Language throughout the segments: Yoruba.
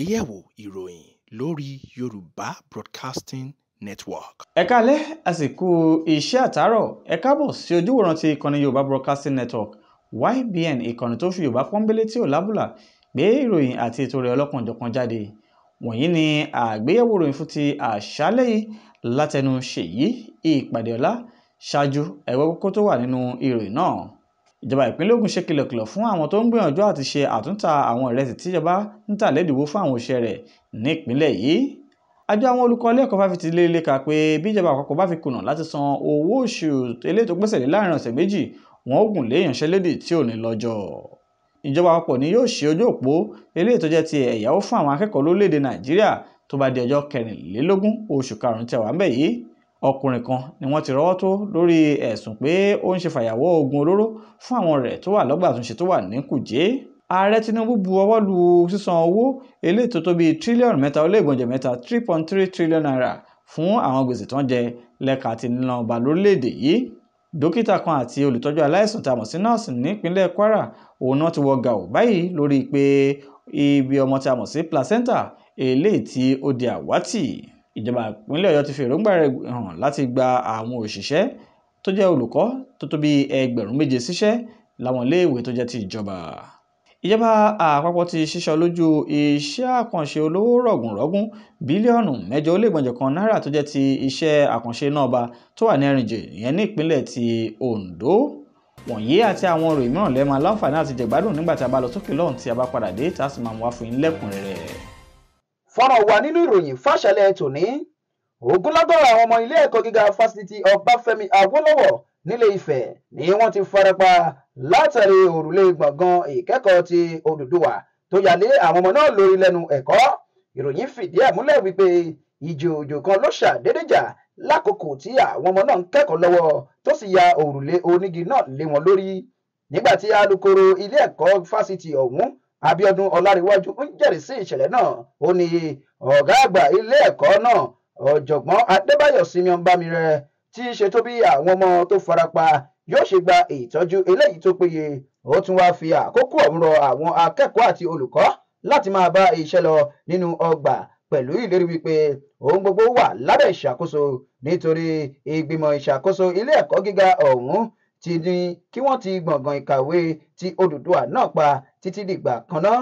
àgbéyẹ̀wò ìròyìn lórí Yorùbá Broadcasting Network. ẹ kálẹ́ àsìkò iṣẹ́ àtàárọ̀ ẹ káàbọ̀ sí ojúwòran ti ìkànnì Yorùbá Broadcasting Network YBN ìkànnì tó fi Yorùbá pọ́nbélé tí ò lábùlà gbé ìròyìn àti ètò rẹ̀ ọlọ́kan-ò-jọ̀kan jáde wọ̀nyí ni àgbéyẹ̀wò ìròyìn fún ti àṣálẹ́ yìí látẹnu Ṣèyí Ìpàdéọlá ṣáájú ẹ̀wẹ́ kókó tó wà nínú ìròyìn náà ìjọba ìpínlẹ̀ Ògùn ṣe kìlọ̀kìlọ̀ fún àwọn tó ń gbìyànjú àti ṣe àtúntà àwọn ìrẹsì tíjọba ń tà lẹ́dínwó fún àwọn òṣìṣẹ́ rẹ̀ nípìnlẹ̀ yìí àjọ àwọn olùkọ́ ilé ẹ̀kọ́ fáfitì lé léka pé bí ìjọba àpapọ̀ bá fi kùnà láti san owó oṣù eléyìí tó láàrin ọ̀sẹ̀ méjì wọn ó lé ìyanṣẹ́lódì tí ò ní lọ́jọ́ ìjọba àpapọ̀ ni yóò ṣe ojú òpó eléyìí tó jẹ́ ti ẹ̀yáwó fún àwọn akẹ́kọ̀ọ́ lórílẹ̀‐èdè Nàìjíríà tó bá di ọjọ́ kẹrìnlélógún oṣù ọkùnrin kan ni wọ́n ti rọ́wọ́ tó lórí ẹ̀sùn pé ó ń ṣe fàyàwọ́ oògùn olóró fún àwọn rẹ̀ tó wà lọ́gbà àtúnṣe tó wà ní kùjé ààrẹ tinubu bu ọwọ́ lu sísan owó eléyìí tó bíi tírílíọ̀nù mẹ́ta ó lé three point three trillion naira fún àwọn gbèsè tó ń jẹ lẹ́ka àti nílànà ọba lórílẹ̀‐èdè yìí dókítà kan àti olùtọ́jú aláìsàn tá a mọ̀ sí nọ́ọ̀sì nípínlẹ̀ kwara òun náà ti wọ gàù báyìí lórí pé ibi ọmọ tá sí placenta eléyìí tí ó di àwátì ìjọba ìpínlẹ̀ ọ̀yọ́ ti fi èròǹgbà rẹ̀ hàn láti gba àwọn òṣìṣẹ́ tó jẹ́ olùkọ́ tó tó bí ẹgbẹ̀rún méje síṣẹ́ láwọn iléèwé tó jẹ́ ti ìjọba ìjọba àpapọ̀ ti ṣíṣọ lójú iṣẹ́ àkànṣe olówó rọ̀gùnrọ̀gùn bílíọ̀nù mẹ́jọ ó lé gbọ̀njọ̀kan náírà tó jẹ́ ti iṣẹ́ àkànṣe náà ba tó wà ní ẹ̀rìnjẹ ìyẹn ní ìpínlẹ̀ ti Ondo wọ̀nyí àti àwọn ọ̀rọ̀ mìíràn lẹ́ẹ̀ máa láǹfààní àti jẹ̀gbádùn nígbà tí a bá lọ sókè lọ́hùn tí a bá padà dé tá a sì máa wá fún yín lẹ́kùnrẹ́rẹ́ fọ́nrán wa nínú ìròyìn fàṣẹlẹ̀ tòní ogunlọ́gọ́rọ̀ àwọn ọmọ ilé ẹ̀kọ́ gíga fásitì ọbáfẹ́mi awólọ́wọ̀ nílé ifẹ̀ ni wọ́n ti farapa látàrí òrùlé gbọ̀ngàn ìkẹ́kọ̀ọ́ ti odùduwà tó yàlé àwọn ọmọ náà lórí lẹ́nu ẹ̀kọ́ ìròyìn fìdí ẹ̀ múlẹ̀ wípé ìjòjò kan ló ṣàdédé jà lákòókò tí àwọn ọmọ náà ń kẹ́kọ̀ọ́ lọ́wọ́ tó sì ya òrùlé onígi náà lé wọn lórí nígbà tí alukoro ilé ẹ̀kọ́ fásitì ọ̀hún Abíọ́dún Ọlárẹ̀wájú ń jẹ́rìí sí ìṣẹ̀lẹ̀ náà ó ní ọ̀gá àgbà ilé ẹ̀kọ́ náà ọ̀jọ̀gbọ́n Adébáyọ̀ Simeon Bámirẹ tí í ṣe tó bí àwọn ọmọ tó farapa yóò ṣe gba ìtọ́jú eléyìí tó péye ó tún wáá fi àkókò ọ̀hún rọ àwọn akẹ́kọ̀ọ́ àti olùkọ́ láti máa bá iṣẹ́ lọ nínú ọgbà pẹ̀lú ìlérí wípé ohun gbogbo wà lábẹ́ ìṣàkóso nítorí ìgbìmọ̀ ìṣàkóso ilé ẹ̀kọ́ gíga ọ̀hún ti ní kí wọ́n ti gbọ̀ngàn ìkàwé ti Odùduwà náà pa títí dìgbà kan náà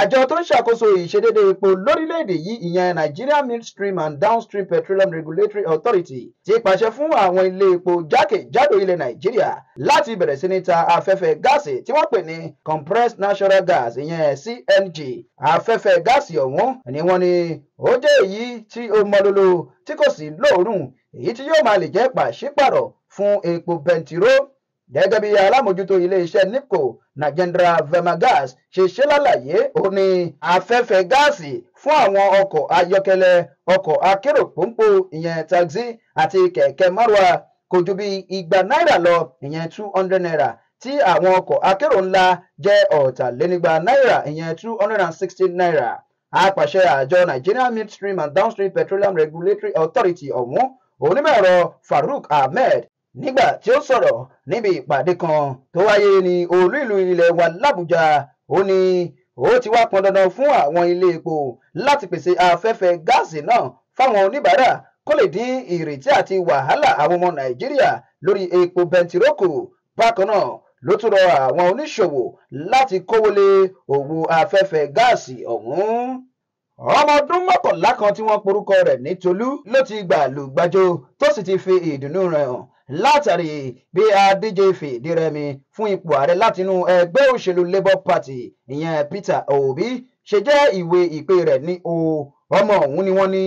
àjọ tó ń ṣàkóso ìṣedéédé epo lórílẹ̀‐èdè yìí ìyẹn Nigeria Midstream and Downstream Petroleum Regulatory Authority ti pàṣẹ fún àwọn ilé epo jákèjádò ilẹ̀ Nàìjíríà láti bẹ̀rẹ̀ sí ní ta afẹ́fẹ́ gáàsì tí wọ́n pè ní compressed natural gas ìyẹn CNG afẹ́fẹ́ gáàsì ọ̀hún ni wọ́n ní ó jẹ́ èyí tí ó mọ́lólo tí kò sí lóòórùn èyí tí yóò máa lè jẹ́ pàṣípàrọ̀ fún epo bẹntiró gẹ́gẹ́ bí alámòjútó iléeṣẹ́ NIPCO Najendra Vermagas ṣe ṣe lálàyé ó ní afẹ́fẹ́ gáàsì fún àwọn ọkọ̀ ayọ́kẹ́lẹ́ ọkọ̀ akérò pòǹpò ìyẹn taxi àti kẹ̀kẹ́ márùá kò ju bí igba náírà lọ ìyẹn two hundred naira tí àwọn ọkọ̀ akérò ńlá jẹ́ ọ̀tàlénígba náírà ìyẹn two hundred and sixteen naira apàṣẹ àjọ Nigeria Midstream and Downstream Petroleum Regulatory Authority ọ̀hún onímọ̀ ẹ̀rọ Farouk Ahmed nígbà tí ó sọ̀rọ̀ níbi ìpàdé kan tó wáyé ní olú ìlú ilẹ̀ wa làbújá ó ní ó ti wá pọn dandan fún àwọn ilé epo láti pèsè afẹ́fẹ́ gáàsì náà fáwọn oníbàárà kó lè dín ìrètí àti wàhálà àwọn ọmọ nàìjíríà lórí epo bẹntiró kù bákan náà ló tún rọ àwọn oníṣòwò láti kówó lé òwò afẹ́fẹ́ gáàsì ọ̀hún ọmọ ọdún mọ́kànlá kan tí wọ́n porúkọ rẹ̀ ní Tolú ló ti gbàlùgbàjò tó sì ti fi ìdùnnú rẹ̀ hàn látàrí bí adíje fìdírẹmi fún ipò ààrẹ látinú ẹgbẹ́ òṣèlú labour party ìyẹn peter obi ṣe jẹ́ ìwé ìpè rẹ̀ ní o ọmọ òun ni wọ́n ní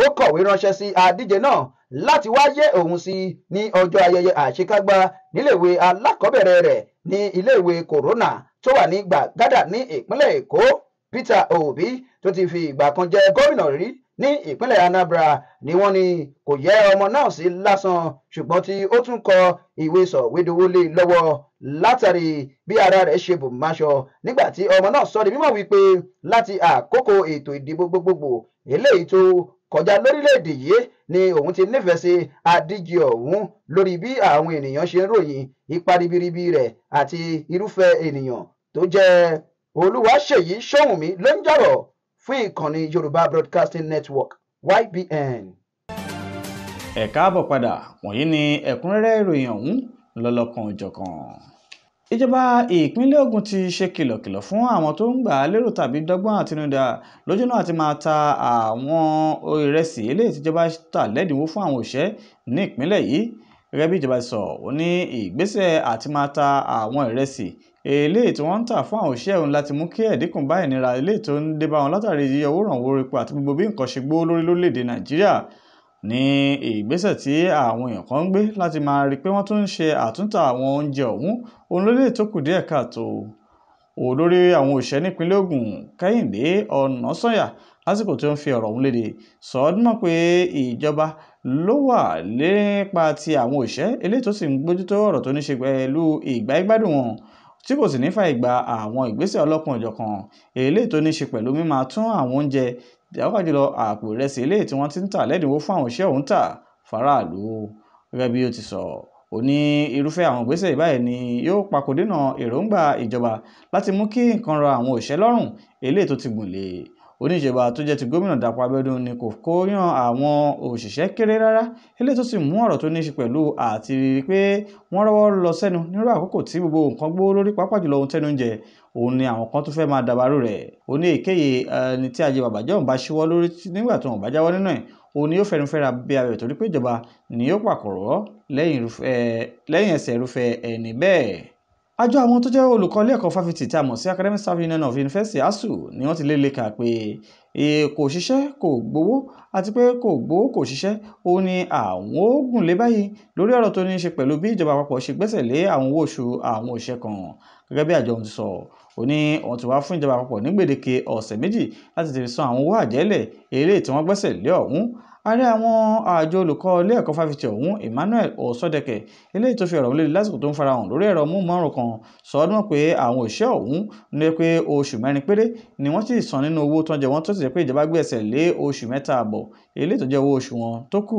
ó kọ̀wé ránṣẹ́ sí adíje náà láti wá yẹ òun sí ní ọjọ́ ayẹyẹ àṣekágbá níléèwé alákọ̀ọ́bẹ̀rẹ̀ rẹ̀ ní iléèwé corona tó wà ní gbàgádà ní ìpínlẹ̀ èkó peter obi tó ti fi ìgbà kan jẹ gómìnà rí ní ìpínlẹ̀ Anambra ni wọ́n ní kò yẹ ọmọ náà sí lásán ṣùgbọ́n tí ó tún kọ ìwé sọ̀wédowó lé lọ́wọ́ látàrí bí ara rẹ̀ ṣe bò máṣọ nígbà tí ọmọ náà sọ di mímọ̀ wípé láti àkókò ètò ìdìbò gbogbogbò eléyìí tó kọjá lórílẹ̀‐èdè yìí ni òun ti nífẹ̀ẹ́ sí adíje ọ̀hún lórí bí àwọn ènìyàn ṣe ń ròyìn ipa ribiribi rẹ̀ àti irúfẹ́ ènìyàn tó jẹ́ Olúwaṣèyí Ṣóhùnmí ló ń jọ̀rọ̀ fún ìkànnì Yorùbá Broadcasting Network YBN. ẹ káàbọ̀ padà wọ̀nyí ni ẹ̀kúnrẹ́rẹ́ ìròyìn ọ̀hún lọ́lọ́kan òjọ̀kan. ìjọba ìpínlẹ̀ Ògùn ti ṣe kìlọ̀kìlọ̀ fún àwọn tó ń gbà á lérò tàbí dọ́gbọ́n àtinúdá lójúnà àti máa ta àwọn ìrẹsì eléyìí tíjọba tà lẹ́dínwó fún àwọn òṣẹ́ ní ìpínlẹ̀ yìí gẹ́gẹ́ bí ìjọba sọ ó ní ìgbésẹ̀ àti máa ta àwọn ìrẹsì eléyìí tí wọ́n ń tà fún àwọn òṣìṣẹ́ òun láti mú kí ẹ̀dínkù bá ìnira eléyìí tó ń dé bá wọn látàrí yíyọ owó ìrànwọ́ epo àti gbogbo bí nǹkan ṣe gbówó lórí lórílẹ̀‐èdè nàìjíríà ní ìgbésẹ̀ tí àwọn èèyàn kan ń gbé láti máa rí i pé wọ́n tún ń ṣe àtúntà àwọn oúnjẹ ọ̀hún òun lórílẹ̀ tó kù díẹ̀ káàtó olórí àwọn òṣìṣẹ́ nípínlẹ̀ Ògùn Kẹ́hìndé Ọ̀nàsànyà lásìkò tí ń fi ọ̀rọ̀ ọ̀hún léde sọ ọ́ dúnmọ́ pé ìjọba ló wà nípa ti àwọn òṣìṣẹ́ eléyìí tó sì ń gbójútó ọ̀rọ̀ tó ní ṣe pẹ̀lú ìgbáyégbádùn wọn tí kò sì ní fàyè gba àwọn ìgbésẹ̀ ọlọ́kan òjọ̀kan eléyìí tó ní ṣe pẹ̀lú mímáa tún àwọn oúnjẹ pàápàá jùlọ àpò ìrẹsì eléyìí tí wọ́n ti ń tà lẹ́dínwó fún àwọn òṣìṣẹ́ òun tà faraàlú gẹ́gẹ́ bí ó ti sọ ó ní irúfẹ́ àwọn ìgbésẹ̀ báyìí ni yóò papòdínà èròǹgbà ìjọba láti mú kí nǹkan rọ àwọn òṣìṣẹ́ lọ́rùn eléyìí tó ti gùn lé oníjọba tó jẹ́ ti gómìnà Dàpọ̀ Abẹ́dún ni kò kóríran àwọn òṣìṣẹ́ kéré rárá eléyìí tó sì mú ọ̀rọ̀ tó ní í ṣe pẹ̀lú àti rí i pé wọ́n rọ́wọ́ lọ sẹ́nu nírú àkókò tí gbogbo nǹkan gbówó lórí pàápàá jùlọ ohun tẹ́nu ń jẹ òun ni àwọn kan tún fẹ́ máa dàbàrú rẹ̀ ó ní èkéyè ẹni tí ajé bàbá jẹ́ òun bá ṣíwọ́ lórí nígbà tó òun bá jáwọ́ nínú ẹ̀ òun ni yóò fẹnufẹ́ra bí abẹ torí pé ìjọba ni yóò pàkọ̀rọ̀ lẹ́yìn ẹsẹ̀ irúfẹ́ ẹni bẹ́ẹ̀ àjọ àwọn tó jẹ́ olùkọ́ ilé ẹ̀kọ́ fáfitì tá a mọ̀ sí academic staff union of university asuu ni wọ́n ti lé lẹ́ka pé kò ṣiṣẹ́ kò gbowó àti pé kò gbowó kò ṣiṣẹ́ ó ní àwọn ó gùn lé báyìí lórí ọ̀rọ̀ tó ní í ṣe pẹ̀lú bí ìjọba àpapọ̀ ṣe gbẹ́sẹ̀ lé àwọn owó oṣù àwọn òṣìṣẹ́ kan gẹ́gẹ́ bí àjọ ń sọ ó ní wọ́n ti wá fún ìjọba àpapọ̀ ní gbèdéke ọ̀sẹ̀ méjì láti tètè san àwọn owó àjẹ́lẹ̀ eléyìí tí ààrẹ àwọn àjọ olùkọ́ ilé ẹ̀kọ́ fáfitì ọ̀hún emmanuel ọ̀sọ́dẹ̀kẹ̀ eléyìí tó fi ọ̀rọ̀ wọlé lásìkò tó ń farahàn lórí ẹ̀rọ múmọ́rùn kan sọ ọdún pé àwọn òṣìṣẹ́ ọ̀hún ní pé oṣù mẹ́rin péré ni wọ́n sì san nínú owó tó ń jẹ wọ́n tó sì jẹ́ pé ìjọba gbé ẹsẹ̀ lé oṣù mẹ́ta àbọ̀ eléyìí tó jẹ́ owó oṣù wọn tó kù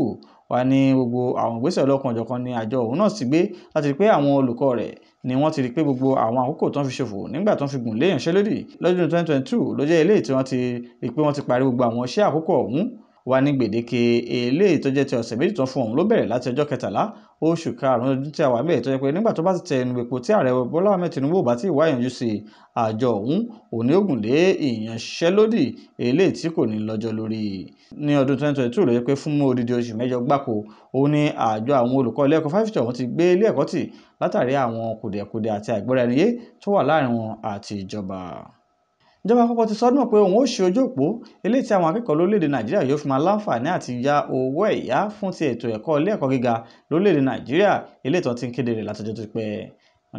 wà ní gbogbo àwọn ìgbésẹ̀ ọlọ́kan ọ̀jọ̀kan ni àjọ òun náà sì gbé láti rí pé àwọn olùkọ́ rẹ̀ ni wọ́n ti rí pé gbogbo àwọn àkókò tó ń fi ṣòfò nígbà tó ń fi gùn lé ìyanṣẹ́lódì lọ́dún 2022 ló jẹ́ eléyìí tí wọ́n ti rí pé wọ́n ti parí gbogbo àwọn iṣẹ́ àkókò ọ̀hún wà ní gbèdéke eléyìí tó jẹ́ ti ọ̀sẹ̀ méjì tán fún ọ̀hún ló bẹ̀rẹ̀ láti ọjọ́ kẹtàlá oṣù karùn-ún ọdún tí a wà mẹ́ẹ̀ tó jẹ́ pé nígbà tó bá ti tẹ ẹnu epo tí ààrẹ Bọ́lá Ahmed Tinubu ò bá ti wá ìyanjú sí àjọ ọ̀hún òní ògùn lé ìyanṣẹ́lódì eléyìí tí kò ní lọ́jọ́ lórí ní ọdún 2022 ló jẹ́ pé fún odidi oṣù mẹ́jọ gbáko ó ní àjọ àwọn olùkọ́ ilé ẹ̀kọ́ fáfitì ọ̀hún ti gbé ilé ẹ̀kọ́ tì látàrí àwọn kùdìẹ̀kudiẹ àti àìgbọ́ra-ẹniyé tó wà láàrin wọn àti ìjọba ìjọba àpapọ̀ ti sọdún pé òun ó ṣe ojú òpó eléyìí tí àwọn akẹ́kọ̀ọ́ lórílẹ̀‐èdè nàìjíríà yóò fi máa láǹfààní àti ya owó ẹ̀yá fún ti ètò ẹ̀kọ́ ilé ẹ̀kọ́ gíga lórílẹ̀‐èdè nàìjíríà eléyìí tó ti ń kéde rẹ̀ látọjọ́ tó pẹ́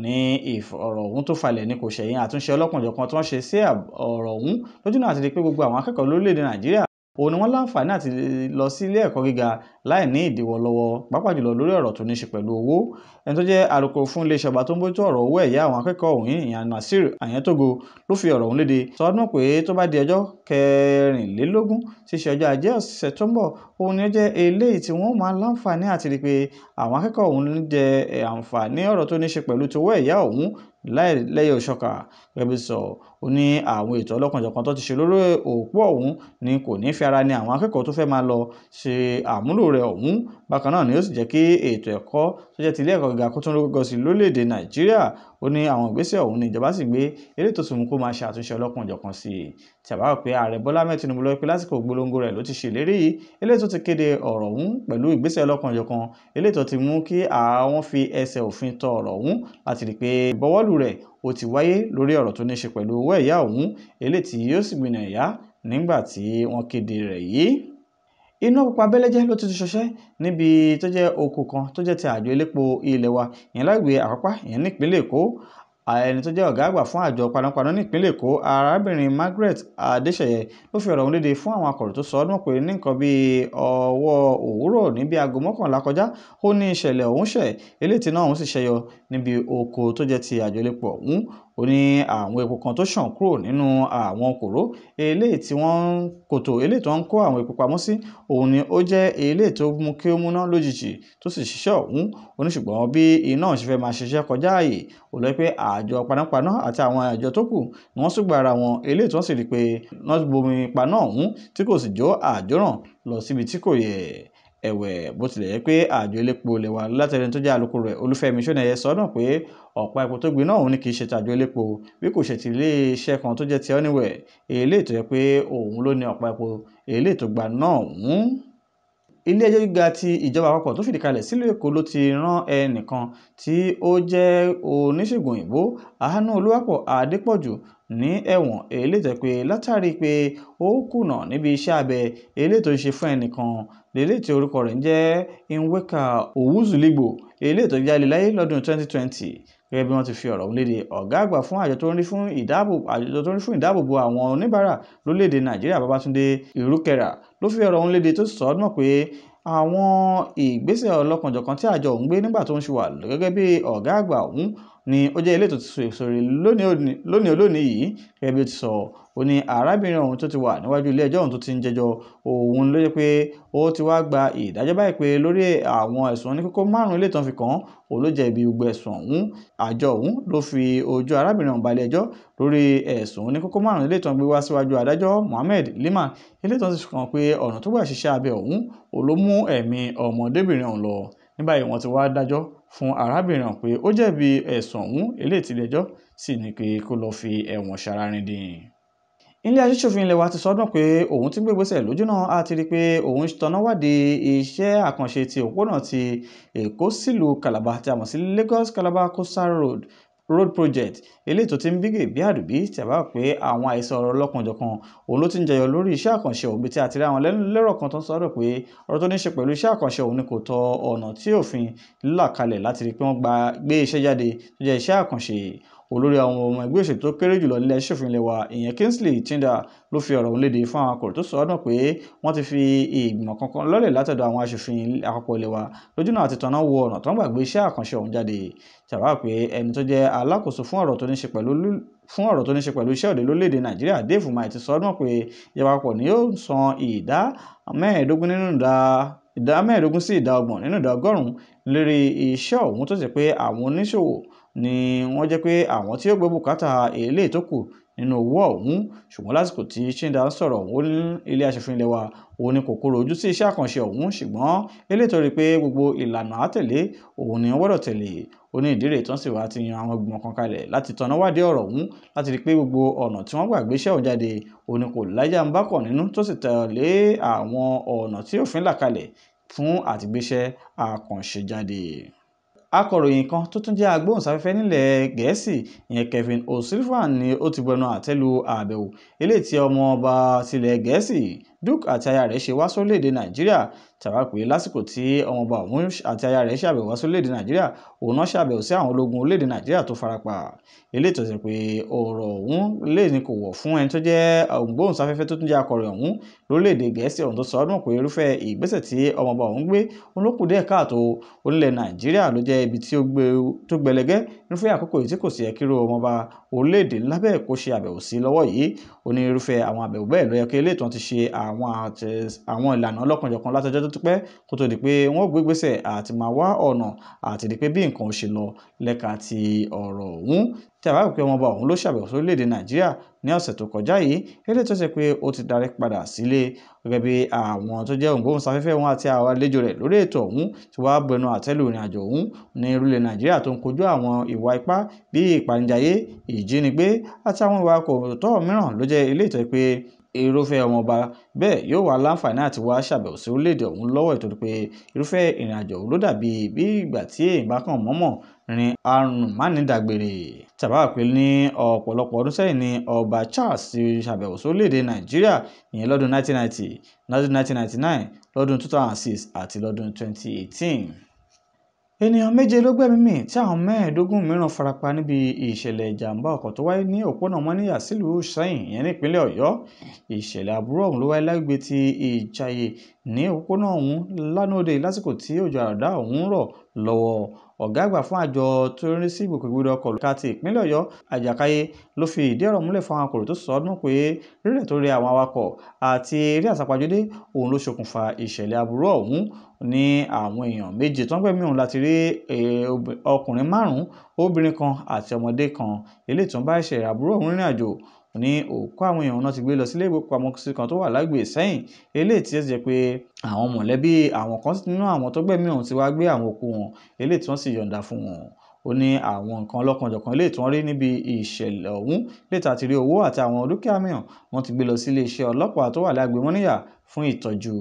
ní ìfọ̀rọ̀ ọ̀hún tó falẹ̀ ní kò ṣẹ̀yìn àtúnṣe ọlọ́kanòjọ̀kan tó ń ṣe sí ọ̀rọ̀ ọ̀hún lójúnà àti di pé gbogbo àwọn akẹ́kọ̀ọ́ lórílẹ̀ nàìjíríà òun ni wọ́n láǹfààní àti lọ sí ilé ẹ̀kọ́ gíga láì ní ìdíwọ́ lọ́wọ́ pàápàá jùlọ lórí ọ̀rọ̀ tó ní ṣe pẹ̀lú owó ẹni tó jẹ́ alukoro fún iléeṣẹ́ ọba tó ń bójú ọ̀rọ̀ owó ẹ̀yà àwọn akẹ́kọ̀ọ́ ọ̀hún ìyàn Nasir Àyẹ́ntògo ló fi ọ̀rọ̀ ọ̀hún léde sọ ọdún pé tó bá di ọjọ́ kẹrìnlélógún tí í ṣe ọjọ́ ajé ọ̀sẹ̀ tó ń bọ̀ òun ni ó jẹ́ eléyìí tí wọ́n máa láǹfààní àti rí i pé àwọn akẹ́kọ̀ọ́ ọ̀hún jẹ àǹfààní ọ̀rọ̀ tó ní ṣe pẹ̀lú tówó ẹ̀yà ọ̀hún lẹ́yẹ̀ òṣọ́ka gẹ́gẹ́ sọ ó ní àwọn ètò ọlọ́kanjọ̀kan tó ti ṣe lórí òpó ọ̀hún ni kò ní fi ara ní àwọn akẹ́kọ̀ọ́ tó fẹ́ máa lọ ṣe àmúlò rẹ̀ ọ̀hún bákan náà ni ó sì jẹ́ kí ètò ẹ̀kọ́ tó jẹ́ ti ilé ẹ̀kọ́ gíga kó tún rúgọ́gọ́ sí lórílẹ̀‐èdè nàìjíríà ó ní àwọn ìgbésẹ̀ ọ̀hún ni ìjọba sì gbé eléyìí tó sì mú kó máa ṣe àtúnṣe ọlọ́kanòjọ̀kan sí i tí a bá rò pé ààrẹ bọ́lá ahmed tinubu ló pé lásìkò gbólóńgó rẹ̀ ló ti ṣèlérí yìí eléyìí tó ti kéde ọ̀rọ̀ ọ̀hún pẹ̀lú ìgbésẹ̀ ọlọ́kanòjọ̀kan eléyìí tó ti mú kí àwọn fi ẹsẹ̀ òfin tọ ọ̀rọ̀ ọ̀hún láti rí pé ìbọwọ́lù rẹ̀ ó ti wáyé lórí ọ̀rọ̀ tó ní ṣe pẹ̀lú owó ẹ̀yá ọ̀hún eléyìí tí yóò sì gbìnà ẹ̀yá nígbà tí wọ́n kéde rẹ̀ yìí iná pupa bẹ́lẹ́jẹ́ ló ti ti ṣọṣẹ́ níbi tó jẹ́ oko kan tó jẹ́ ti àjọ elépo ilẹ̀ wa ìyẹn lágbè àpápá ìyẹn nípínlẹ̀ èkó ẹni tó jẹ́ ọ̀gá àgbà fún àjọ panápaná nípínlẹ̀ èkó arábìnrin Margaret Adéṣeyẹ ló fi ọ̀rọ̀ òun léde fún àwọn akọ̀ròyìn tó sọ ọdún pé ní nǹkan bíi ọwọ́ òwúrọ̀ ní bíi aago mọ́kànlá kọjá ó ní ìṣẹ̀lẹ̀ ọ̀hún ṣẹ̀ eléyìí tí náà ọ̀hún sì ṣẹyọ níbi oko tó jẹ́ ti àjọ elépo ọ̀hún ó ní àwọn epo kan tó ṣàn kúrò nínú àwọn kòró eléyìí tí wọ́n ń kòtò eléyìí tó ń kó àwọn epo pamọ́ sí òun ni ó jẹ́ eléyìí tó mú kí ó múná lójijì tó sì ṣiṣẹ́ ọ̀hún ó bí iná ṣe fẹ́ máa ṣiṣẹ́ kọjá ààyè ó lọ pé àjọ panápaná àti àwọn àjọ tó kù ni wọ́n ṣùgbọ́n ara wọn eléyìí tó sì rí pé wọ́n gbomi paná ọ̀hún tí kò sì jó àjóràn lọ síbi tí kò yẹ ẹ̀wẹ̀ bó tilẹ̀ yẹ pé àjọ elépo lè wà látẹ̀lẹ́ tó jẹ́ àlùkò rẹ̀ olúfẹ́mi sọ́nẹ̀yẹ sọ náà pé ọ̀pá epo tó gbin náà òun ni kì í ṣe tàjọ elépo bí kò ṣe ti ilé iṣẹ́ kan tó jẹ́ ti ọ́níwẹ̀ èlé tó yẹ pé òun ló ní ọ̀pá epo èlé tó gba náà òun ilé ẹjọ́ gíga ti ìjọba àpapọ̀ tó fìdí kalẹ̀ sílùú èkó ló ti rán ẹnìkan tí ó jẹ́ oníṣègùn òyìnbó àánú olúwàpọ̀ adépọ̀jù ní ẹ̀wọ̀n eléyìí tó jẹ́ pé látàrí pé ó kùnà níbi iṣẹ́ abẹ eléyìí tó ń ṣe fún ẹnìkan eléyìí tí orúkọ rẹ̀ ń jẹ́ Nweka Owuzuligbo eléyìí tó jáde láyé lọ́dún 2020 gẹ́gẹ́ bí wọ́n ti fi ọ̀rọ̀ léde ọ̀gá àgbà fún àjọ tó ń rí fún ìdáàbòbò àjọ tó ń rí fún ìdáàbòbò àwọn oníbàárà lórílẹ̀‐èdè Nàìjíríà Babátúndé Ìrúkẹ̀rà ló fi ọ̀rọ̀ ọ̀hún tó sọ ọ́ pé àwọn ìgbésẹ̀ ọlọ́kanjọ̀kan tí àjọ òun ni ó jẹ́ ilé tó ti so èso rẹ̀ lónìí olónìí yìí gẹ́gẹ́ bí ó ti sọ ó ní arábìnrin ọ̀hún tó ti wà níwájú ilé ẹjọ́ ọ̀hún tó ti ń jẹjọ́ òun ló jẹ́ pé ó ti wá gba ìdájọ́ báyìí pé lórí àwọn ẹ̀sùn oníkókó márùn-ún ilé tán fi kàn án òun ló jẹ̀bi gbogbo ẹ̀sùn ọ̀hún àjọ ọ̀hún ló fi ojú arábìnrin ọ̀hún balẹ̀ ẹjọ́ lórí ẹ̀sùn oníkókó márùn-ún ilé tán gbé wá síwájú adájọ́ Mohammed Liman ilé tán ti kàn pé ọ̀nà tó gbà ṣiṣẹ́ abẹ ọ̀hún òun ló mú ẹ̀mí ọmọdébìnrin ọ̀hún lọ ní báyìí ti wá dájọ́ fún arábìnrin ọ̀hún pé ó jẹ̀bi ẹ̀sùn ọ̀hún eléyìí tilẹ̀jọ́ sì ní pé kó lọ́ọ́ fi ẹ̀wọ̀n ṣararìn dín in ilé aṣíṣòfin ilẹ̀ wa ti sọdún pé òun ti gbégbésẹ̀ lójú náà a ti rí pé òun tanná iṣẹ́ àkànṣe ti òpópónà ti èkó sílùú Calabar tí a Lagos Calabar Coastal Road road project eléyìí tó ti ń bí àdùbí tí a bá pé àwọn àìsàn ọ̀rọ̀ lọ́kànjọ̀kan òun ló ti ń jẹyọ lórí iṣẹ́ àkànṣe òun bí tí a ti rí àwọn lẹ́rọ̀ kan tó ń sọ̀rọ̀ pé ọ̀rọ̀ tó ní ṣe pẹ̀lú iṣẹ́ àkànṣe òun ni kò tọ ọ̀nà tí òfin là kalẹ̀ láti rí pé wọ́n gbé iṣẹ́ jáde tó jẹ́ iṣẹ́ àkànṣe olórí àwọn ọmọ ẹgbẹ́ òṣèlú tó kéré jùlọ nílẹ̀ ṣòfin ilẹ̀ wa ìyẹn Kingsley Tindya ló fi ọ̀rọ̀ òun léde fún àwọn akọ̀rọ̀ tó sọ ọ́ dùn pé wọ́n ti fi ìgbìmọ̀ kankan lọ́lẹ̀ látọ̀dọ̀ àwọn aṣòfin àpapọ̀ ilẹ̀ wa lójúnà àti tọ̀nà wo ọ̀nà tó ń gbàgbé iṣẹ́ àkànṣe ọ̀hún jáde tàbá pé ẹni tó jẹ́ alákòóso fún ọ̀rọ̀ tó ní ṣe pẹ̀lú fún ọ̀rọ̀ tó ní ṣe pẹ̀lú iṣẹ́ òde lórílẹ̀‐èdè nàìjíríà dave umahi ti sọ ọ́ pé ìjọba pọ̀ ni yóò san ìdá mẹ́ẹ̀ẹ́dógún nínú ìdá ìdá mẹ́ẹ̀ẹ́dógún sí ìdá ọgbọ̀n nínú ìdá ọgọ́rùn-ún lérí iṣẹ́ ọ̀hún tó sì pé àwọn oníṣòwò ni wọ́n jẹ́ pé àwọn tí ó gbé bùkátà eléyìí tó kù nínú owó ọ̀hún ṣùgbọ́n lásìkò tí Shindha ń sọ̀rọ̀ ó ní ilé aṣòfin ilé wa òun ni kò kúrò ojú sí iṣẹ́ àkànṣe ọ̀hún ṣùgbọ́n eléyìí tó rí i pé gbogbo ìlànà àtẹ̀lé òun ni wọ́n gbọ́dọ̀ tẹ̀lé ó ní ìdí rèé tán sì wá ti yan àwọn ìgbìmọ̀ kan kalẹ̀ láti tanná wádìí ọ̀rọ̀ ọ̀hún láti rí i pé gbogbo ọ̀nà tí wọ́n gbà gbéṣẹ́ òun jáde òun ni kò lájà ń bá kọ̀ nínú tó sì tẹ̀lé àwọn ọ̀nà tí òfin là kalẹ̀ fún àtìgbéṣẹ́ àkànṣe jáde akọ̀ròyìn kan tó tún jẹ́ agbóhùnsáfẹ́fẹ́ nílẹ̀ gẹ̀ẹ́sì ìyẹn Kevin O'Sullivan ni ó ti gbẹnu àtẹ́ lu àbẹ̀wò eléyìí tí ọmọọba tilẹ̀ gẹ̀ẹ́sì Duke àti aya rẹ̀ ṣe wá sórílẹ̀-èdè Nàìjíríà tàwa pé lásìkò tí ọmọọba ọ̀hún àti aya rẹ̀ ṣàbẹ̀wò wá sórílẹ̀-èdè Nàìjíríà òun náà ṣàbẹ̀wò sí àwọn ológun orílẹ̀-èdè Nàìjíríà tó farapa eléyìí tó ṣe pé ọ̀rọ̀ ọ̀hún lè ní kò wọ̀ fún ẹni tó jẹ́ ògbóhùnsáfẹ́fẹ́ tó tún jẹ́ akọ̀ròyìn ọ̀hún lórílẹ̀-èdè Gẹ̀ẹ́sì ọ̀hún tó sọ ọdún pé irúfẹ́ ìgbésẹ̀ tí ọmọọba ọ̀hún gbé òun ló kù díẹ̀ káàtó onílẹ̀ Nàìjíríà ló jẹ́ ibi tí ó gbẹlẹgẹ́ irúfẹ́ àkókò yìí tí kò sí ẹkírò ọmọọba orílẹ̀-èdè ńlá bẹ́ẹ̀ kó ṣe àbẹ̀wò sí lọ́wọ́ yìí onírúfẹ́ àwọn àbẹ̀wò bẹ́ẹ̀ ló kí eléyìí tó ti ṣe àwọn àwọn àtẹ àwọn ìlànà ọlọ́kanjọ̀kan látọjọ́ tó ti pẹ́ kó tó di pé wọ́n gbé gbèsè àti máa wá ọ̀nà àti di pé bí nǹkan ò ṣe lọ lẹ́ka ti ọ̀rọ̀ ọ̀hún tí a bá wò pé ọmọọba ọ̀hún ló ṣàbẹ̀wò sórílẹ̀-èdè nàìjíríà ní ọ̀sẹ̀ tó kọjá yìí eléyìí tó ṣe pé ó ti darí padà sílé gẹ́gẹ́ bí àwọn tó jẹ́ òǹgbóhùnsáfẹ́fẹ́ wọn àti àwọn àlejò rẹ̀ lórí ètò ọ̀hún ti wá bẹnu àtẹ́lù ìrìnàjò ọ̀hún ní orílẹ̀ nàìjíríà tó ń kojú àwọn ìwà ipá bíi ìpànìjayé ìjínigbé àti àwọn ìwà kò tọ́ mìíràn ló jẹ́ eléyìí tó pé irúfẹ́ ọmọọba bẹ́ẹ̀ yóò wá láǹfààní àti wá ṣàbẹ̀wò sí orílẹ̀-èdè ọ̀hún lọ́wọ́ ìtorí pé irúfẹ́ ìrìn àjò ló dàbí bí ìgbà tí èèyàn bá kàn mọ́mọ́ rin àrùn mánìdàgbére tàbá pé ní ọ̀pọ̀lọpọ̀ ọdún sẹ́yìn ni ọba Charles ti ṣàbẹ̀wò sí orílẹ̀-èdè Nàìjíríà ìyẹn lọ́dún 1990 lọ́dún 1999 lọ́dún 2006 àti lọ́dún 2018 ènìyàn méje ló gbẹ́mìí mì tí àwọn mẹ́ẹ̀ẹ́dógún mìíràn farapa níbi ìṣẹ̀lẹ̀ ìjàmbá ọkọ̀ tó wáyé ní òpópónà mọ́níyà sílùú ṣáyìn ìyẹn nípínlẹ̀ ọ̀yọ́ ìṣẹ̀lẹ̀ àbúrò ọ̀hún ló wáyé lágbègbè ti ìjàyè ní òpópónà ọ̀hún lánàá òde lásìkò tí òjò àràdá ọ̀hún rọ̀ lọ́wọ́ ọ̀gá àgbà fún àjọ tó ń rí sí ìgbòkègbodò ọkọ̀ lóka ti ìpínlẹ̀ ọ̀yọ́ àjàkáyé ló fi ìdí ọ̀rọ̀ múlẹ̀ fún àwọn akọ̀rò tó sọ ọdún pé rírẹ̀ tó rẹ àwọn awakọ̀ àti eré àsápajúdé òun ló ṣokùnfà ìṣẹ̀lẹ̀ aburú ọ̀hún ní àwọn èèyàn méje tó ń gbẹ̀mí òun láti rí e, ọkùnrin márùn-ún obìnrin kan àti ọmọdé kan eléyìí tó ń bá ìṣẹ̀lẹ̀ aburú ọ̀hún rìnrìn àjò ní òkú àwọn èèyàn náà ti gbé lọ sí ilé ìgbókùpamọ́sí kan tó wà lágbè sẹ́yìn eléyìí tí ó jẹ́ pé àwọn mọ̀lẹ́bí àwọn kan nínú àwọn tó gbẹ̀mí ọ̀hún ti wá gbé àwọn òkú wọn eléyìí tí wọ́n sì yọ̀ǹda fún wọn ó ní àwọn nǹkan ọlọ́kanjọ̀kan ilé tí wọ́n rí níbi ìṣẹ̀lẹ̀ ọ̀hún létà ti rí owó àti àwọn dúkìá mìíràn wọ́n ti gbé lọ sí iléeṣẹ́ ọlọ́pàá tó wà lágbèmọ́níyà fún ìtọ́jú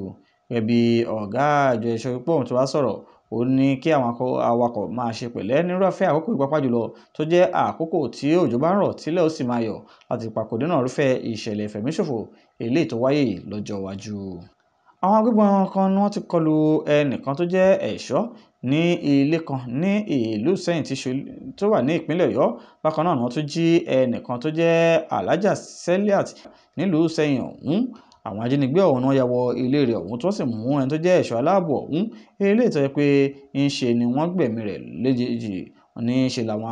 ẹbí ọ̀gá àjọ ẹ̀ṣọ́ pípọ̀ ọ̀hún ti wá sọ̀rọ̀ ó ní kí àwọn awakọ̀ máa ṣe pẹ̀lẹ́ nírúfẹ́ àkókò ìpapá jùlọ tó jẹ́ àkókò tí òjò bá ń rọ̀ tílẹ̀ ó sì máa yọ̀ láti papòdé náà rúfẹ́ ìṣẹ̀lẹ̀ ìfẹ̀míṣòfò eléyìí tó wáyé lọ́jọ́ iwájú àwọn agbébọn kan ni wọ́n ti kọlu ẹnìkan tó jẹ́ ẹ̀ṣọ́ ní ilé kan ní ìlú sẹ́yìn tó wà ní ìpínlẹ̀ ọ̀yọ́ bákan náà ni wọ́n tún jí ẹnìkan tó jẹ́ alájà seliat nílùú sẹ́yìn ọ̀hún àwọn ajínigbé ọ̀hún ni wọ́n ya wọ ilé rẹ̀ ọ̀hún tí wọ́n sì mú ẹni tó jẹ́ ẹ̀ṣọ́ aláàbò ọ̀hún eléyìí tó yẹ pé ń ṣe ni wọ́n gbẹ̀mí rẹ̀ léjèèjì ní í ṣe làwọn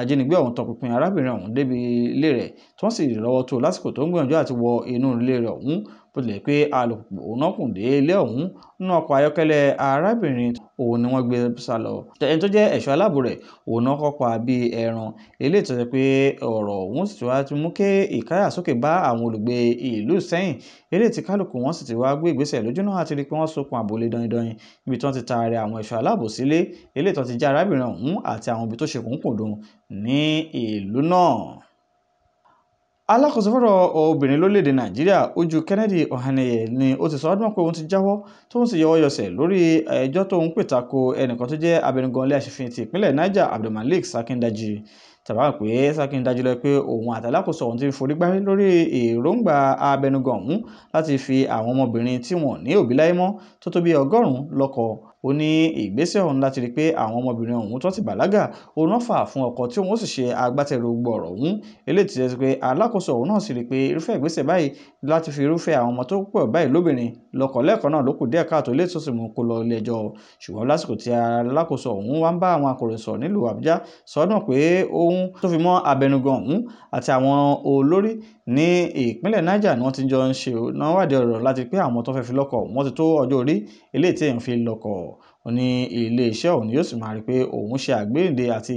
ajínigbé ọ̀hún tọpinpin arábìnrin ọ̀hún débi ilé rẹ̀ tí wọ́n sì rọ́wọ́ tó lásìkò tó ń gbìyànjú àti wọ inú ilé rẹ̀ ọ̀hún bó tilẹ̀ pé alùpùpù òun kùn dé ilé ọ̀hún nínú ọkọ̀ ayọ́kẹ́lẹ́ arábìnrin òun ni wọ́n gbé sá lọ ẹni tó jẹ́ ẹ̀ṣọ́ aláàbò rẹ̀ òun náà kọ́ pa bíi ẹran eléyìí tó ṣe pé ọ̀rọ̀ òun sì ti wá ti mú kí ìkáyàsókè bá àwọn olùgbé ìlú Ìsẹ́yìn eléyìí tí kálukú wọn sì ti wá gbé ìgbésẹ̀ lójúnà àti rí pé wọ́n sokun àbòlé dọ̀yìndọ̀yìn níbi tí wọ́n ti taari àwọn ẹ̀ṣọ́ aláàbò sílé eléyìí tó ti já arábìnrin ọ̀hún àti àwọn ibi tó ṣekùn kùn dùn ní ìlú náà alákòóso fọ́rọ̀ obìnrin lórílẹ̀‐èdè nàìjíríà uju kennedy ohaneye ni ó ti sọ ọdún pé òun ti jáwọ́ tóun sì yọwọ́ yọsẹ̀ lórí ẹjọ́ tóun pè ta ko ẹnìkan tó jẹ́ abẹnugan ilé aṣòfin ti ìpínlẹ̀ niger abdulmalik sakindaji tàbá pé sakindaji lọ pé òun àtàlákòóso òun ti forí gbárí lórí èròǹgbà abẹnugan ọ̀hún láti fi àwọn ọmọbìnrin tí wọn ní òbí láyé mọ́ tó tó bí ọgọ́rùn-ún lọ́kọ̀ọ́ ó ní ìgbésẹ̀ ọ̀hún láti rí i pé àwọn ọmọbìnrin ọ̀hún tó ti bàlágà òun náà fà fún ọkọ tí òun ó sì ṣe agbátẹrù gbogbo ọ̀rọ̀ ọ̀hún eléyìí ti jẹ́ pé alákòóso ọ̀hún náà sì rí i pé irúfẹ́ ìgbésẹ̀ báyìí láti fi irúfẹ́ àwọn ọmọ tó pọ̀ báyìí lóbìnrin lọ́kọ̀ lẹ́ẹ̀kan náà ló kù díẹ̀ káàtó ilé tó kó lọ ilé ṣùgbọ́n lásìkò tí alákòóso ní ìpínlẹ̀ niger ni wọ́n ti jọ ń ṣe náwádìí ọ̀rọ̀ láti pé àwọn tó fẹ́ fi lọ́kọ wọ́n ti tó ọjọ́ orí eléyìí tí èèyàn fi lọ́kọ ó ní ilé-iṣẹ́ òun yóò sì máa rí pé òun ṣe àgbéyìnde àti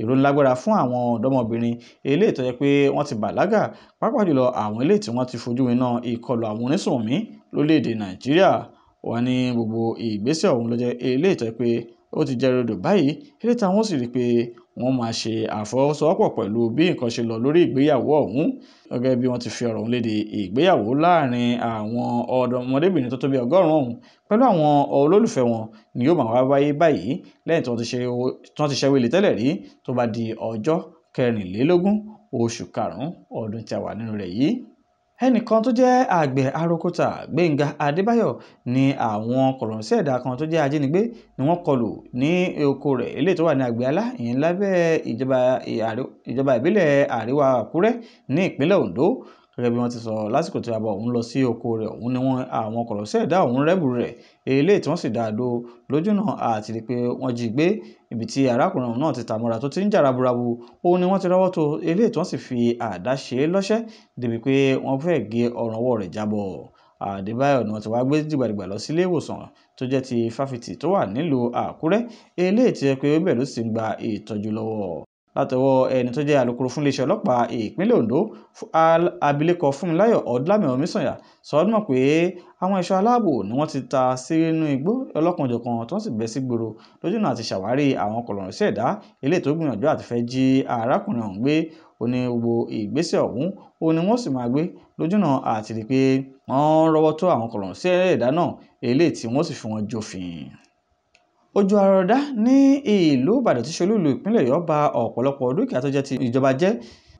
ìrónilágbára fún àwọn ọ̀dọ́mọbìnrin eléyìí tó jẹ́ pé wọ́n ti bàlágà pàápàá jùlọ àwọn eléyìí tí wọ́n ti fojú winá ìkọlù àwọn onísùnmí lórílẹ̀‐èdè nàìjíríà wọ́n ní gbogbo ìgbésẹ̀ ọ̀hún ló jẹ́ eléyìí tó jẹ́ pé ó ti jẹ́ rodò báyìí eléyìí táwọn ó sì rí pé wọ́n máa ṣe àfọwọ́sowọ́pọ̀ pẹ̀lú bí nǹkan ṣe lọ lórí ìgbéyàwó ọ̀hún gẹ́gẹ́ bí wọ́n ti fi ọ̀rọ̀ ọ̀hún léde ìgbéyàwó láàrin àwọn ọ̀dọ́mọdébìnrin tó tó bí ọgọ́rùn-ún ọ̀hún pẹ̀lú àwọn olólùfẹ́ wọn ni yóò máa wá wáyé báyìí lẹ́yìn tí wọ́n ti ṣẹ́wélé tẹ́lẹ̀ rí tó bá di ọjọ́ kẹrìnlélógún oṣù karùn-ún ọdún tí a wà nínú rẹ̀ yìí ẹnìkan tó jẹ́ àgbẹ̀ arokota gbẹ̀ngà adébáyọ̀ ni àwọn kọ̀rọ̀nsẹ́ ẹ̀dá kan tó jẹ́ ajínigbé ni wọ́n kọlù ní oko rẹ̀ eléyìí tó wà ní àgbẹ̀álá ìyẹn lábẹ́ ìjọba ìbílẹ̀ àríwá àkúrẹ́ ní ìpínlẹ̀ ondo gẹ́gẹ́ bí wọ́n ti sọ lásìkò tí abọ́ ọ̀hún lọ sí oko rẹ̀ ọ̀hún ni wọ́n àwọn kọ̀rọ̀sẹ́ ẹ̀dá ọ̀hún rẹ́bù rẹ̀ eléyìí tí wọ́n sì dáadó lójúnà àti pé wọ́n jí gbé ibi tí arákùnrin ọ̀hún náà ti tàmọ́ra tó ti ń jà raburabu òun ni wọ́n ti rọ́wọ́ tó eléyìí tí wọ́n sì fi àdá ṣe é lọ́ṣẹ́ débi pé wọ́n fẹ́ gé ọrùn ọwọ́ rẹ̀ jábọ̀ àdébáyọ̀ ni wọ́n ti wá gbé dìgbàdìgbà lọ sí ilé ìwòsàn tó jẹ́ ti fáfitì tó wà nílùú àkúrẹ́ eléyìí ti jẹ́ pé bẹ́ẹ̀ ló sì ń gba ìtọ́jú lọ́wọ́ látọwọ́ ẹni tó jẹ́ alukoro fún iléeṣẹ́ ọlọ́pàá ìpínlẹ̀ Ondo abilékọ Fúnmiláyọ̀ Ọ̀dúnlàmì Ọ̀mísànyà sọ ọdún mọ̀ pé àwọn ẹ̀ṣọ́ aláàbò ni wọ́n ti ta sínú igbó ọlọ́kanjọ̀kan tó ń sì bẹ́ sí gbòòrò lójúnà àti ṣàwárí àwọn kọ̀lọ̀rọ̀ sí ẹ̀dá eléyìí tó gbìyànjú àti fẹ́ jí arákùnrin ọ̀hún gbé ó ní gbogbo ìgbésẹ̀ ọ̀hún ó ní wọ́n sì máa gbé lójúnà àti rí pé wọ́n rọ́wọ́ tó àwọn kọ̀lọ̀rọ̀ sí ẹ̀dá náà eléyìí tí wọ́n sì fi wọn jófin òjò àrọ̀dá ní ìlú ìbàdàn tí ṣolú ìlú ìpínlẹ̀ ọ̀yọ́ ba ọ̀pọ̀lọpọ̀ dúkìá tó jẹ́ ti ìjọba jẹ́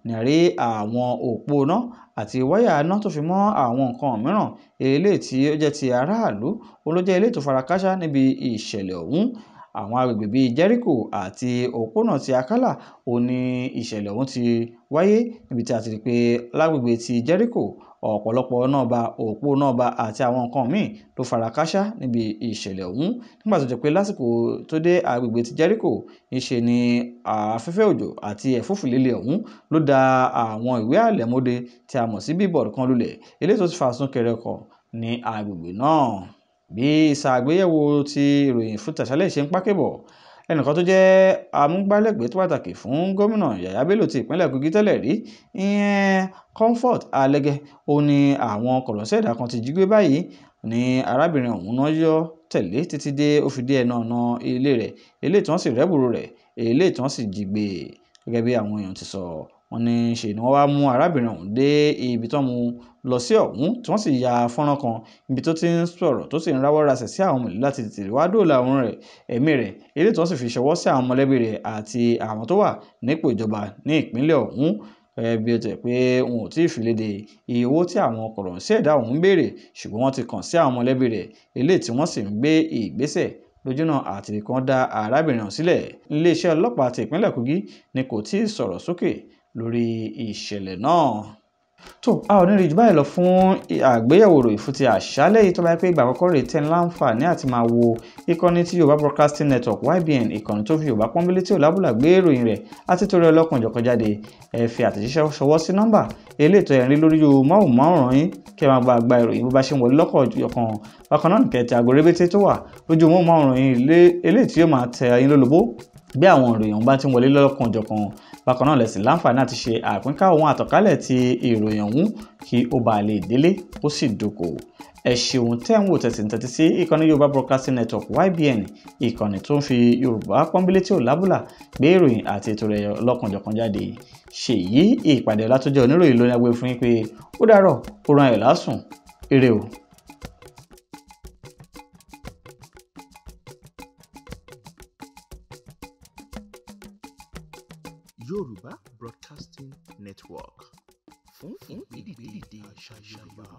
nàrí àwọn òpó iná àti wáyà iná tó fi mọ́ àwọn nǹkan mìíràn eléyìí tí ó jẹ́ ti aráàlú ó ló jẹ́ eléyìí tó fara kááṣá níbi ìṣẹ̀lẹ̀ ọ̀hún àwọn agbègbè bíi jẹ́ríkò àti òpónà ti akálà òun ìṣẹ̀lẹ̀ ọ̀hún ti wáyé níbi tí a ti rí pé lágbègbè ti jẹ́ríkò ọ̀pọ̀lọpọ̀ náà ba òpó náà ba àti àwọn nǹkan míì ló fara kááṣá níbi ìṣẹ̀lẹ̀ ọ̀hún nígbà tó jẹ́ pé lásìkò tó dé agbègbè ti Jẹ́ríkò ìṣe ni afẹ́fẹ́ òjò àti ẹ̀fúùfù líle ọ̀hún ló da àwọn ìwé àlẹ̀mọ́de tí a mọ̀ sí bíbọ̀dù kan lulẹ̀ eléyìí tó ti fa súnkẹrẹ ọkọ̀ ní agbègbè náà bí ìsàgbéyẹ̀wò ti ìròyìn fún tàṣálẹ̀ ṣe ń pákẹ́bọ̀ ẹnìkan tó jẹ́ amúgbálẹ́gbẹ̀ẹ́ tó pàtàkì fún gómìnà Yàyà Bello ti ìpínlẹ̀ Kogi tẹ́lẹ̀ rí ìyẹn Comfort Alege ó ní àwọn kọ̀lọ́ńsẹ̀ ẹ̀dá kan ti jí gbé báyìí ni arábìnrin ọ̀hún náà yọ tẹ̀lé títí dé ó fi dé ẹnu ọ̀nà ilé rẹ̀ eléyìí tí wọ́n sì rẹ́bùrú rẹ̀ eléyìí tí wọ́n sì jí gbé gẹ́gẹ́ bí àwọn èèyàn ti sọ wọ́n ní ṣe ni wọ́n wá mú arábìnrin ọ̀hún dé ibi tó mú lọ sí ọ̀hún tí wọ́n sì ya fọ́nrán kan ibi tó ti ń sọ̀rọ̀ tó sì ń rawọ́ rasẹ̀ sí àwọn mọ̀lẹ́bí láti tètè wá dóòlà ọ̀hún rẹ̀ ẹ̀mí rẹ̀ eléyìí tí wọ́n sì fi ṣọwọ́ sí àwọn mọ̀lẹ́bí rẹ̀ àti àwọn tó wà nípò ìjọba ní ìpínlẹ̀ ọ̀hún bí ó tẹ̀ pé wọn ò tí ì fìlédè iye owó tí àwọn kọ̀rọ̀ǹsẹ́ ẹ̀dá ọ̀hún ń béèrè ṣùgbọ́n wọ́n ti kàn sí àwọn mọ̀lẹ́bí rẹ̀ eléyìí tí wọ́n sì ń gbé ìgbésẹ̀ lójúnà àti kan dá arábìnrin ọ̀hún sílẹ̀ iléeṣẹ́ ọlọ́pàá ti ìpínlẹ̀ Kogi ni kò tí ì sọ̀rọ̀ sókè lórí ìṣẹ̀lẹ̀ náà tó a ò ní rí jù báyìí lọ fún àgbéyẹ̀wò ròyìn fún ti àṣálẹ́ yìí tó bá yẹ pé ìgbà àkọ́kọ́ rèé tẹ́ ń láǹfààní àti máa wo ìkànnì tí Yorùbá Broadcasting Network YBN ìkànnì tó fi Yorùbá pọ́nbélé tí òlábùlà gbé ìròyìn rẹ̀ àti torí ọlọ́kùn ìjọ̀kan jáde ẹ fi àtẹ̀jíṣẹ́ ṣọwọ́ sí nọ́mbà eléètò ẹ̀rín lórí máwòmáwòrán yín kí ẹ máa gba àgbà ìròyìn bó bá ṣe ń wọlé lọ́kọ̀ ọ̀kan bákan náà nìkẹ́ ti àgọ́ rébété tó wà lójú máwòmáwòrán yín eléyìí tí yóò máa tẹ ẹ̀yin bákan náà lẹ̀sìn láǹfààní àti ṣe àpínká ohun àtànkálẹ̀ ti ìròyìn ọ̀hún kí ó bàa lè délé ó sì dókòwò ẹ ṣeun tẹ́ ń wò tẹ̀sí ń tẹ̀tí sí ìkànnì yorùbá broadcasting network ybn ìkànnì tó ń fi yorùbá pọ́nbélé tí ò lábùlà gbé ìròyìn àti ètò rẹ̀ lọ́kànjọ̀kan jáde ṣèyí ìpàdé ọ̀làtọ́jọ́ oníròyìn ló ní agbé fún yín pé ó dàárọ̀ ó ran ayọ̀ lásùn eré o. Yorùbá Broadcasting Network fún Yorùbá.